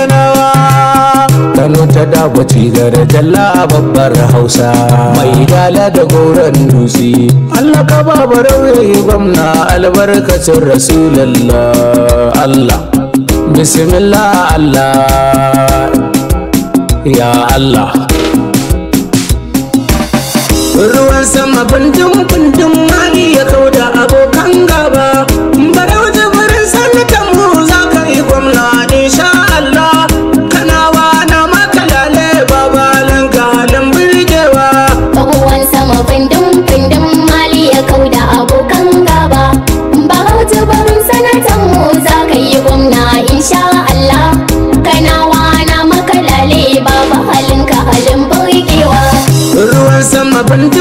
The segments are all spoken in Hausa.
kanawa kano ta dabaci da jalla a babbar hausa mai dala da goron dutse allah ka ba baraure gwamna albarkacin rasulallah allah bismillah allah ya allah ruwan sama bindin bindin mani ya kauda abokan gaba open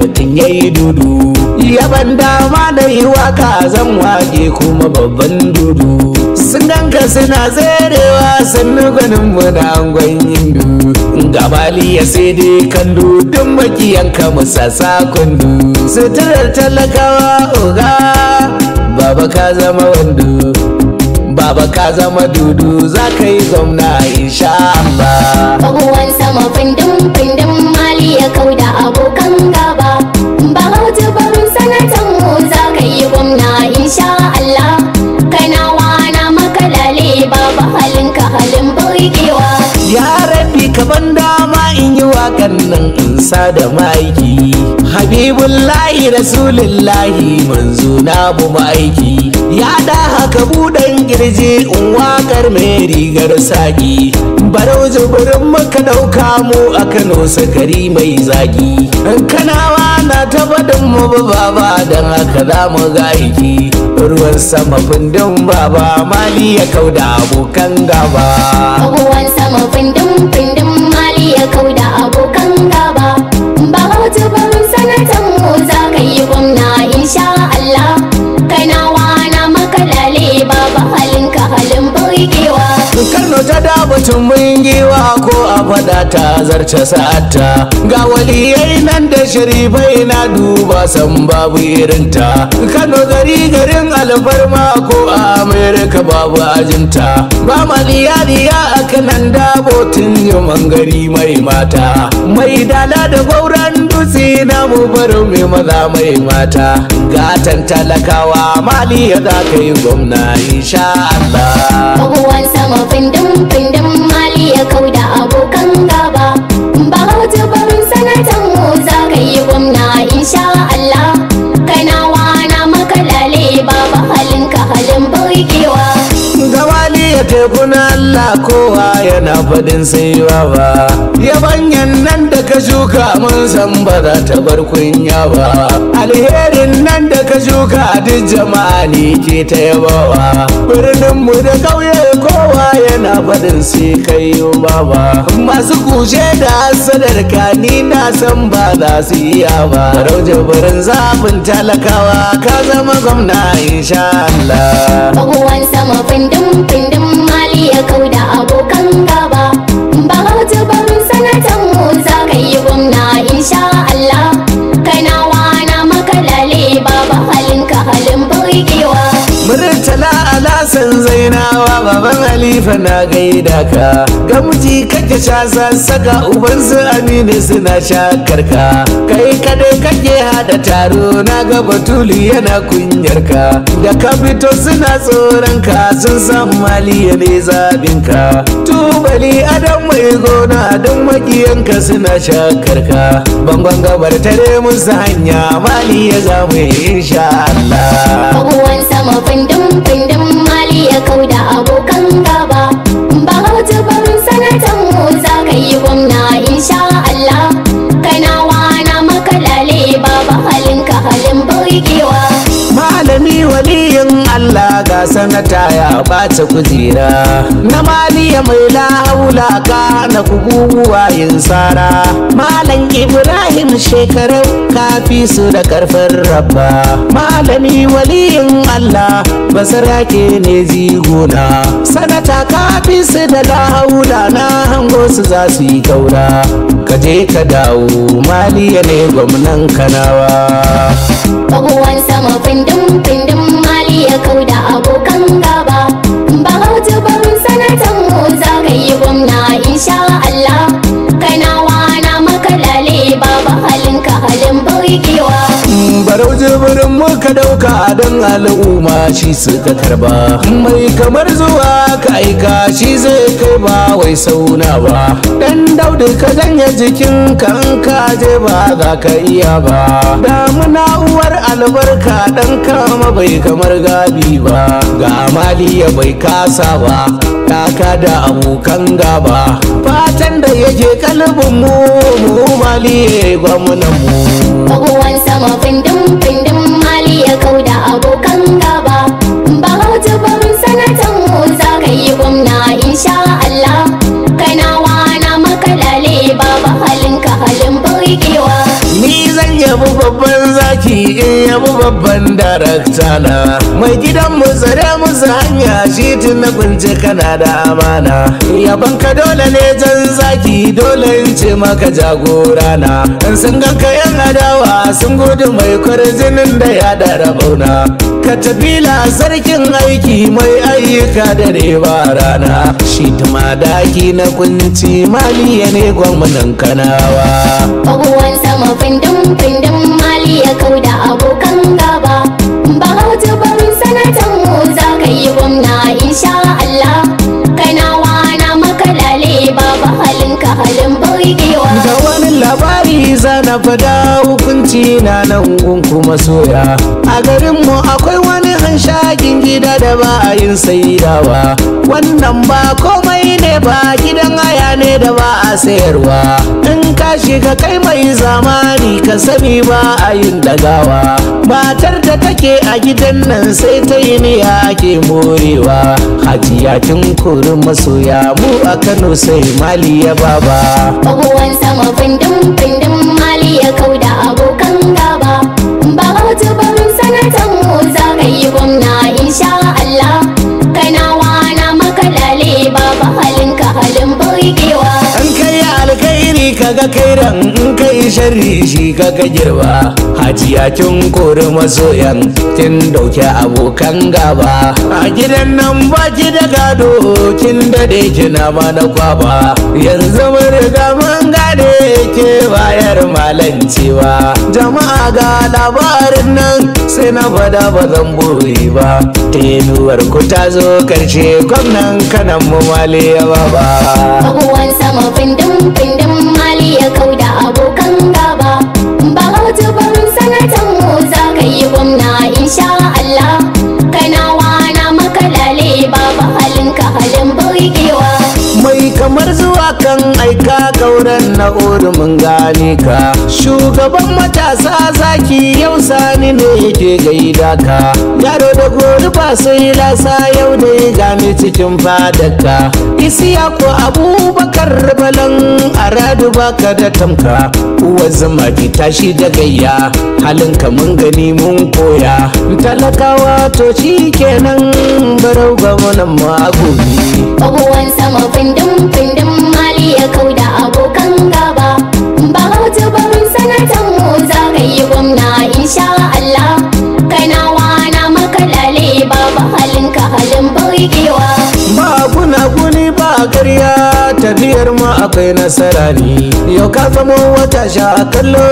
mutum ya yi dudu yaban dama da yi waka zan wage kuma babban dudu sun ganka suna zarewa sannu ganin muna angon hindu gabali ya sai dai kandu duk makiyanka musasa kundu suturar talakawa oga baba ka zama wando baba ka zama dudu za ka yi zauna insha Allah. Abubuwan sama fundin isa da ma'aiki habibullahi rasulullahi manzo na bu maiki ya da haka buɗan girje in wakar mai rigar saki barau zuburin maka ɗauka mu a kano sakari mai zaki kanawa na ta faɗin mu baba don haka za mu ga aiki ruwan sama fundin baba mali ya kauda abokan gaba ruwan sama fundin fundin mali ya kauda abokan giwa ko a faɗa ta zarce sa'ata ga waliyai nan da sharifai na duba san babu irinta kano gari garin alfarma ko a amerika babu ajinta ba maliyariya a kanan dabotin yaman gari mai mata mai dala da gauran dutse na mu mai maza mai mata gatan talakawa maliya za ka yi gwamna insha Allah. Abubuwan sama findin findin ma iya da abokan gaba ba hautu barin sanatan mu za ka yi gwamna insha Allah kana wana maka lale halin ka halin burgewa gawali ya tekuna Allah kowa yana faɗin sai ba. yabanyan nan da ka shuka mun san ba za ta bar kunya ba alherin nan da ka shuka duk jama'a ne ke ta yabawa birnin mu da ƙauye kowa yana faɗin sai kai ba. masu kushe da hasadar ka ni na san ba za su ya ba rauje barin zafin talakawa ka zama gwamna insha Allah. Baguwan sama findin findin ya kauda abu Hassan Zainawa baban Halifa na gaida ka gamji kake shasa saka uban su Aminu suna shakar ka kai kadai kake hada taro na ga Batulu yana kunyar ka da ka fito suna tsoron ka sun san maliya ne zabin ka tubali adam mai gona don ka suna shakar ka bangon gabar tare sa hanya maliya za mu insha Allah. Abubuwan sama fundum fundum hali ya kau da abokan gaba ba hautu ban sanatan mu za ka yi gwamna insha Allah sanata ya bata kujera na maliya mai lahaula ka na kuguguwa yin tsara. malam ibrahim shekarau kafi su da karfin rabba malami waliyin allah basarake ne zigona sanata kafi su da lahaula na hango su za su yi kaura ka je ka dawo maliya ne gwamnan kanawa sama findin findin iya kauda abokan gaba ba hautu ban sanatan mu za ka yi gwamna insha Allah kana wana maka lale babu halinka halin burgewa Zuburin muka dauka don al'umma shi suka karba mai kamar zuwa ka aika shi zai kai ba wai sauna ba dan daudu ka janye jikin kan ka je ba za ka iya ba damuna uwar albarka dan kama bai kamar gabi ba ga amaliya bai kasa ba taka da abokan gaba fatan da yake kalbin mu mu maliye gwamnan mu sama ya da abokan gaba ba hautu ba mun sanatan mu za ka yi gwamna insha Allah kanawa na makalale baba halin ka halin burgewa ni zan yabi babban In ya babban darakta na mai gidan mu tsare musu hanya shi tun na kunce kana da amana yaban ka dole ne jan zaki dole in ce maka jagora na in sun ganka yan adawa sun gudu mai kwarjinin da ya da rabauna ka sarkin aiki mai ayyuka da reba rana shi tuma daki na kunci maliya ne gwamnan kanawa abubuwan sama findin-findin Mali maliya kauda abokan gaba ba hautu sanatan mu za ka yi gwamna insha Allah kanawa na makalale ba halin ka halin burgewa na fada hukunci na nan gun kuma soya a garinmu akwai wani hanshakin gida da ba a yin saidawa wannan ba komai ne ba gidan haya ne da ba a sayarwa in ka shiga kai mai zamani ka sani ba a yin dagawa matar da take a gidan nan sai ta yi niya ake morewa hajiya tun kuri masoya mu a kano sai mali baba abubuwan sama bindin bindin ya kauda abu kaga kairan in kai shari shi kaga girba hajiya kin kori masoyan tun dauke abokan gaba a gidan nan ba ki da gado kin dade kina na kwaba yanzu mun riga mun gane ke bayar malancewa jama'a ga labarin nan sai na bada ba zan buri ba tenuwar ku ta zo karshe gwamnan kanan mu male ya ba Abubuwan sama bindin dan aika gauran na urumin gane ka shugaban matasa zaki yau sani ne yake gaida ka yaro da gori ba sai lasa yau da ni cikin fadaka isiya ko abubakar balan aradu baka da tamka uwar zama ki tashi da gayya halin ka mun gani mun koya talakawa to shi kenan barau ga wannan magobi abuwan sama findin findin mali ya kauda abokan gaba akwai nasara ni. yau ka zamo wata sha a kallo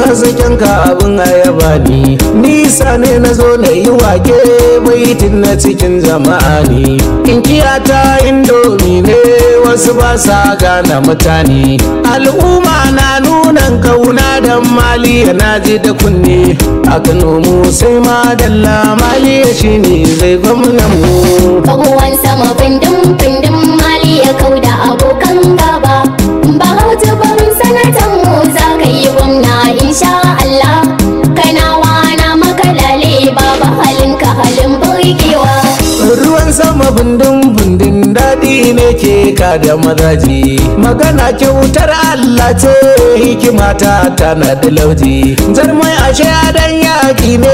hasken ka abin ayaba ni. nisa ne na zo na yi wake baitin na cikin jama'a ne kinkiya ta indomi ne wasu ba sa gane mutane al'umma na nunan kauna da mali na ji da kunne a kano mu sai ma dalla mali shine zai gwamna mu sama bindin za ka yi gwamna insha Allah kana wana makalale baba halinka halin burgewa ruwan sama bundun bundun daɗi ne ke ka da mazaji magana kyautar Allah ce hikima ta tana da lauji zarmai ashe dan yaƙi ne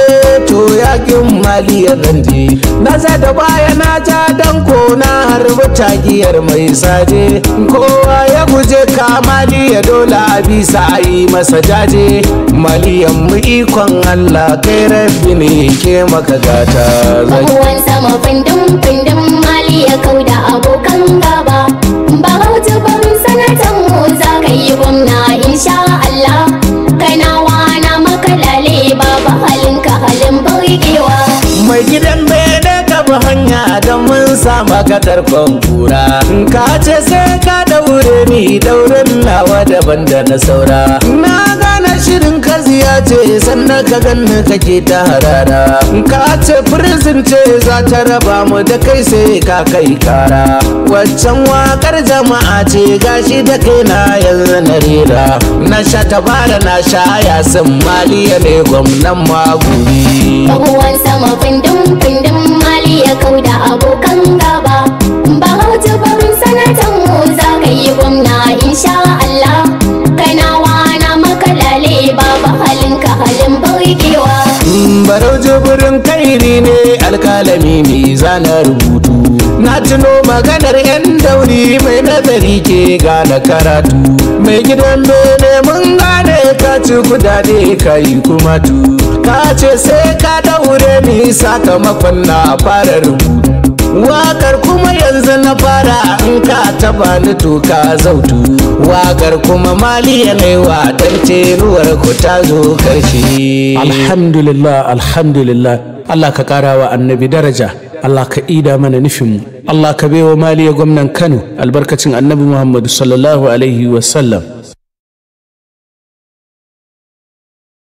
to yaƙin maliyar ranji na da baya na ja da harba giyar mai saje kowa ya guje kamaliya dole a bisa a yi masa jaje maliyan mu ikon allah kai rabbi ne ke maka gata zai ruwan sama fundum fundum mali ya kauda abokan gaba ba hautu ban sanatan mu za ka yi gwamna insha allah na wana maka lale ba halin ka halin burgewa mai gidan bi hanya don mun samu katarkon kura ka ce sai ka kure ni dauren nawa daban da na saura na gane shirin ka ce sannan ka ganni kake ta harara ka ce prison ce za ta raba mu da kai sai ka kai kara waccan wakar jama'a ce gashi da kai na yanzu na rera na sha tabara na sha yasin maliya ne gwamnan maguri abuwan sama kundin Mali maliya kauda abokan gaba ba hautu barin sanatan mu za kai gwamna insha Allah kana wana makalale baba halinka halin burgewa mm, barau jibirin kairi ne alkalami mai zana rubutu na tuno maganar yan dauri mai nazari ke gane karatu mai gidan bene mun gane ka ci kudade ka yi kuma tu ka ce sai ka daure ni sakamakon na fara rubutu wakar kuma yanzu na fara in ka ta bani toka zautu wagar kuma mali ya laiwa dan teruwar ku ta zo karshe alhamdulillah alhamdulillah Allah ka kara wa annabi daraja Allah ka ida mana nufinmu Allah ka baiwa maliya gwamnan Kano albarkacin annabi Muhammadu sallallahu alaihi wa sallam.